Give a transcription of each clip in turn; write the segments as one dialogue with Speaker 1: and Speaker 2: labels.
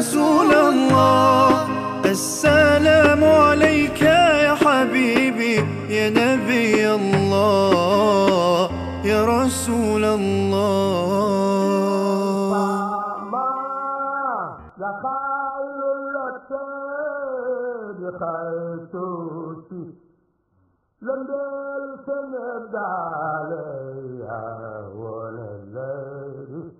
Speaker 1: رسول الله السلام عليك يا حبيبي يا نبي الله يا رسول الله لم يلتمد عليها ولا الليل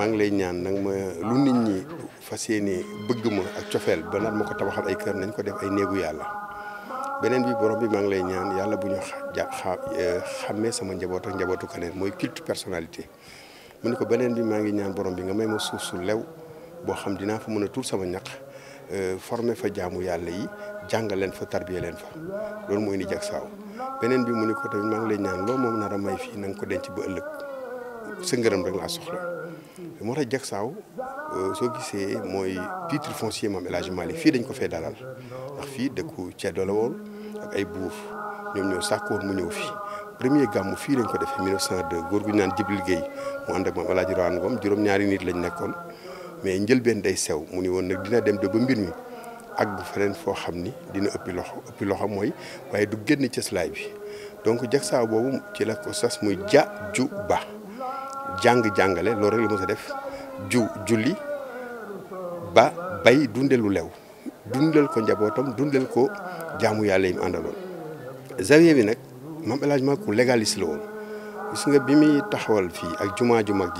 Speaker 1: Mang ngi lay ñaan nak ma lu nit ñi fasiyene bëgg ma ak ciofel ba nar mako tabaxal ay kër nañ ko def ay neegu yalla benen bi borom bi maa ngi lay ñaan yalla bu ñu eh, sama njabot ak njabotu keneen moy culte personnalité mu ne ko benen bi maa ngi ñaan borom bi nga may ma suuf su lew bo xam dina fa mëna tour sama ñaq eh, formé fa jaamu yalla yi jangal leen fa tarbiyé leen fa lool moy ni jag benen bi mu ne ko tamit maa ngi lay ñaan lo mom na ra may fi nang ko denc bu ëlëk sa ngërëm rek laa soxla moo tax Jaksaaw euh, soo gisee mooy titre foncier Maam El Hadji fii dañ ko fee dalal ndax fii dëkku ceddo la woon ak ay buuf ñoom ñoo sàkkoon mu ñëw fii premier gàmmu fii dañ ko def defee 1902 góor gu ñu naan Jibril Guèye mu ànd ak Maam El Hadji Rawane Ngom juróom-ñaari nit lañ nekkoon mais njëlbeen day sew mu ni woon nag dina dem de ba mbir mi àgg feneen foo xam ni dina ëppi loxo ëppi loxo mooy waaye du génn cëslaay bi donc Jaksaaw boobu ci la ko muy ja ju ba jang jangale lo rek lu mos def ju julli ba bay dundee lu lew dundel ko njabotam dundel ko jamu yalla yi mu àndaloon. bi nak maam El Hadj légaliste la woon gis nga bi taxawal fi ak jumaa ju mag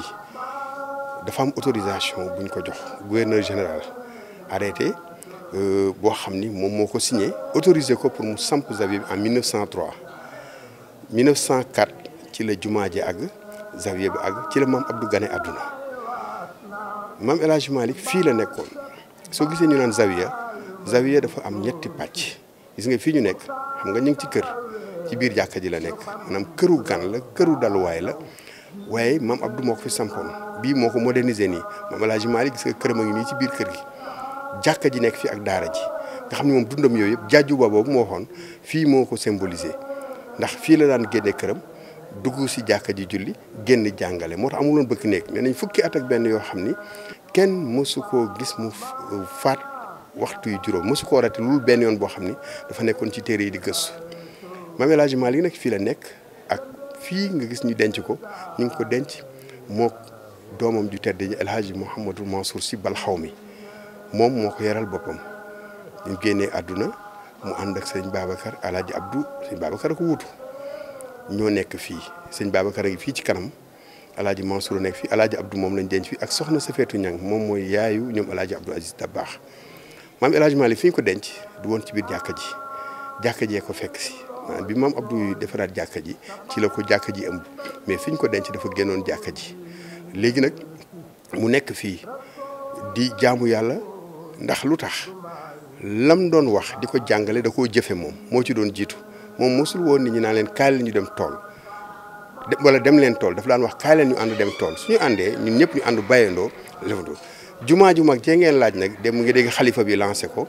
Speaker 1: dafa am autorisation buñ ko jox gouverneur général arrêté euh bo xamni mom moko signé autorisé ko pour mu samp en 1903 1904 ci la jumaa ji zawiya bi ak ci la maam Abdou Gane àdduna maam El Hadj fii la nekkoon soo gisee ñu naan zawiya zawiya dafa am ñetti pàcc gis nga fii ñu nekk xam nga ñu ngi ci kër ci biir jàkka ji la nekk maanaam këru gan la këru daluwaay la waaye maam Abdou moo fi sampoon bii moo ko modernisé nii maam El Hadj Malick gis ci biir kër gi jàkka ji nekk fii ak daara ji nga xam ne moom dundam yooyu yëpp jàjju ba boobu moo waxoon fii moo ko symbolisé ndax fii la daan génne këram. dugg si jàkka ji julli génn jàngale moo tax amuloon bëkk néeg nee nañ fukki at ak benn yoo xam ni kenn mësu koo gis mu euh, faat waxtu yu juróom mësu koo rate loolu benn yoon boo xam ni dafa nekkoon ci téere yi di gëstu Maam El Hadji Malick nag fii la nekk ak fii nga gis ñu denc ko ñu ngi ko denc mook doomam ju tedd ji El Hadji Mouhamadou Mansour Sy mi moom moo ko yaral boppam ñu génnee àdduna mu ànd ak sëñ Babacar El Hadji Abdou sëñ Babacar ko wutu ñoo nekk fii sëñ Babacar a ngi fii ci kanam alaaji Mansour nekk fii alaaji Abdou moom lañu denc fii ak soxna feetu Ñang moom mooy yaayu ñoom alaaji Abdou Aziz Dabaax maam El Hadj Malick fi ñu ko denc du woon ci biir jàkka ji jàkka jee ko fekk si maanaam bi maam Abdou defaraat jàkka ji ci la ko jàkka ji am mais fi ñu ko denc dafa génnoon jàkka ji léegi nag mu nekk fii di jaamu yàlla ndax lu tax lam doon wax di ko jàngale da koo jëfe moom moo ci doon jiitu moom mosul woon ni ñu naa leen kaay leen ñu dem tool wala dem leen tool dafa daan wax kaay leen ñu dem tool suñu àndee ñun ñëpp ñu ànd bàyyandoo lefandoo jumaa ju mag jee ngeen nag dem mu dégg xalifa bi lancé ko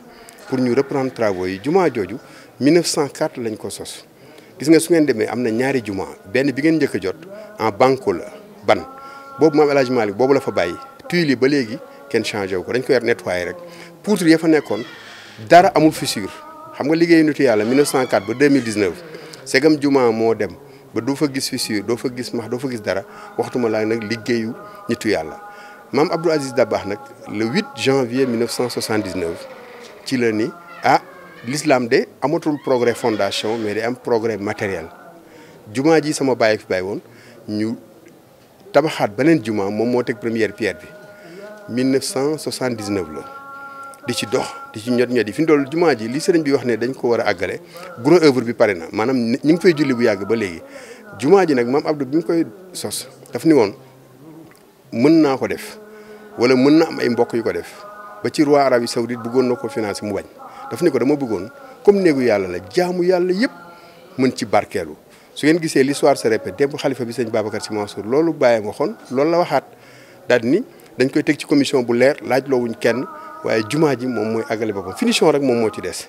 Speaker 1: pour ñu reprendre travaux yi jumaa jooju 1904 lañ ko sos gis nga su ngeen demee am na ñaari juma benn bi ngeen njëkk a jot en banque la ban boobu maam El Hadj Malick boobu la fa bàyyi tuile yi ba léegi kenn changé wu ko dañ koy nettoyé rek poutre ya fa nekkoon dara amul fissure xam nga liggéey nitu yàlla 1904 ba 2019 segam juma moo dem ba doo fa gis fissure doo fa gis max doo fa gis dara waxtuma laa nag liggéeyu nitu yàlla maam Abdou Aziz Dabakh nag le 8 janvier 1979 ci la ni ah l'islam de amatul progrès fondation mais day am progrès matériel jumaa ji sama bàyyi fi bàyyi woon ñu tabaxaat beneen jumaa moom moo teg première pierre bi 1979 la di ci dox di ci ñot ñot yi fi ñu dool jumaa ji li sëriñ bi wax ne dañ ko war a àggale gros œuvre bi pare na maanaam ñu ngi fay julli bu yàgg ba léegi jumaa ji nag maam Abdou bi ñu koy sos daf ni woon mën naa ko def wala mën na am ay mbokk yu ko def ba ci roi Arabie Saoudite bëggoon na ko financé mu bañ daf ni ko dama bëggoon comme néegu yàlla la jaamu yàlla yëpp mën ci barkeelu su ngeen gisee l'histoire se répète démb xalifa bi sëñ Babacar Sy Mansour loolu bàyyam waxoon loolu la waxaat daal ni dañ koy teg ci commission bu leer laaj loowuñ kenn waaye jumaa ji moom mooy àggale finition rek moom moo ci des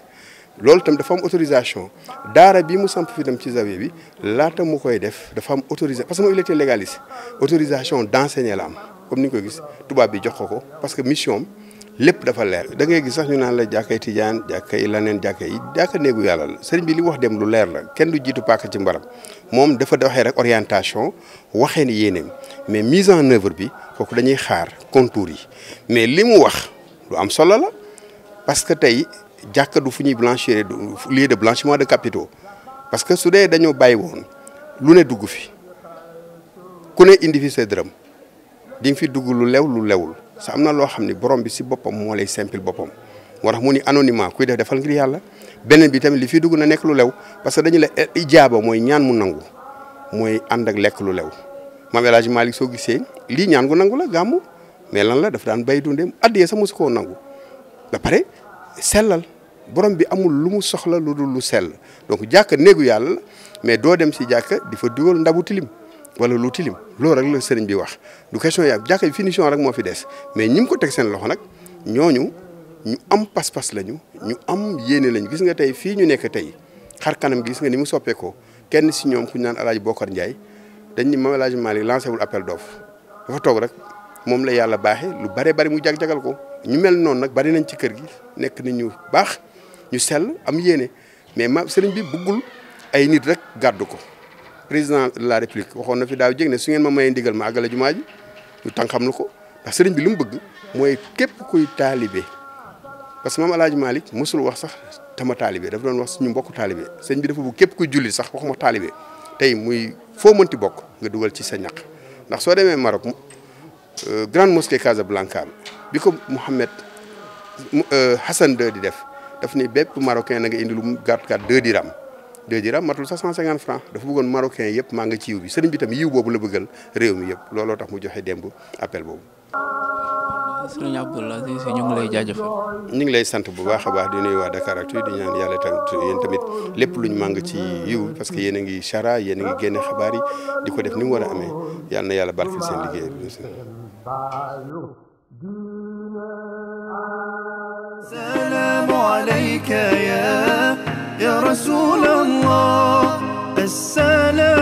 Speaker 1: loolu tam dafa am autorisation daara bi mu samp fi dem ci zawiya bi lata mu koy def dafa am autorisation parce que moom il était légaliste autorisation d'enseigner l'âme comme ni ñu koy gis tuba bi jox ko parce que mission lepp dafa leer da ngay gis sax ñu naan la jakkay tidiane jakkay lanen jakkay yi jàkka yalla serigne bi li wax dem lu leer la kenn du jitu paaka ci mbaram mom dafa waxee rek orientation waxee ni yéeneem mais mise en œuvre bi kooku dañuy xaar contour yi mais limu wax lu am solo la parce que tey jàkka du fu ñuy blanchir lieu de blanchiment de capitaux parce que su dee dañoo bàyyi woon lu ne dugg fi ku ne indi fi sa dërëm di fi dugg lu lew lu lewul sa am na loo xam ni borom bi si boppam moo lay simple boppam moo tax mu ni anonymat kuy def defal ngir yàlla beneen bi tamit li fi dugg na nekk lu lew parce que dañu la eh, ijaaba mooy ñaan mu nangu mooy ànd ak lekk lu lew Maam El Hadji Malick soo gisee lii ñaan gu nangu la gàmmu mais lan la daf daan bay dundee addiyee sax mosu koo nangu ba pare sellal borom bi amul lu mu soxla lu dul lu sell donc jàkka néegu yàlla la mais doo dem si jàkka di fa dugal ndabu tilim wala lu tilim loolu rek la sëriñ bi wax du question ya jàkka finition rek moo fi des mais ñi mu ko teg seen loxo nag ñooñu ñu am pas-pas lañu ñu am yéene lañu gis nga tey fii ñu nekk tey xar kanam gis nga ni mu soppeekoo kenn si ñoom ku ñu naan El Hadj Bokar Ndiaye dañ ni ma El Hadj lancé wul appel d'offre dafa toog rek. moom la yàlla baaxee lu bare bari mu jag-jagal ko ñu mel noon nag bari nañ ci kër gi nekk nit ñu baax ñu sell am yéene mais ma sëriñ bi bëggul ay nit rek gàddu ko président de la république waxoon na fi daaw jeg ne su ngeen ma mayee ndigal ma àggale jumaa ji ñu tànxam lu ko ndax bi lu mu bëgg mooy képp kuy taalibe parce que moom alaaji Malick mosul wax sax tama taalibe dafa doon wax suñu mbokku taalibe sëriñ bi dafa bëgg képp kuy julli sax waxuma taalibe tey muy foo mënti bokk nga dugal ci sa ñaq ndax soo demee Maroc Euh, grande mosquée Casablanca bi ko Mouhamed euh, Hassan II di def daf ni bépp marocain na nga indi lu gàtt gàtt deux dirham deux dirham matul sax cent cinquante francs dafa bëggoon marocain yëpp maa nga ci yiw bi sëriñ bi tam yiw boobu la bëggal réew yëpp looloo tax mu joxe démb appel boobu. sëriñ Abdoul ñu ngi lay jaajëfal. ñu ngi lay sant bu baax a baax di waa Dakaractu di ñaan yàlla tamit yéen tamit lépp luñ màng ci yiw parce que yéen a ngi chara yéen ngi génne xabaar yi di ko def ni mu war a ame yàlla na yàlla barkeel seen liggéey bi. السلام عليك يا يا رسول الله السلام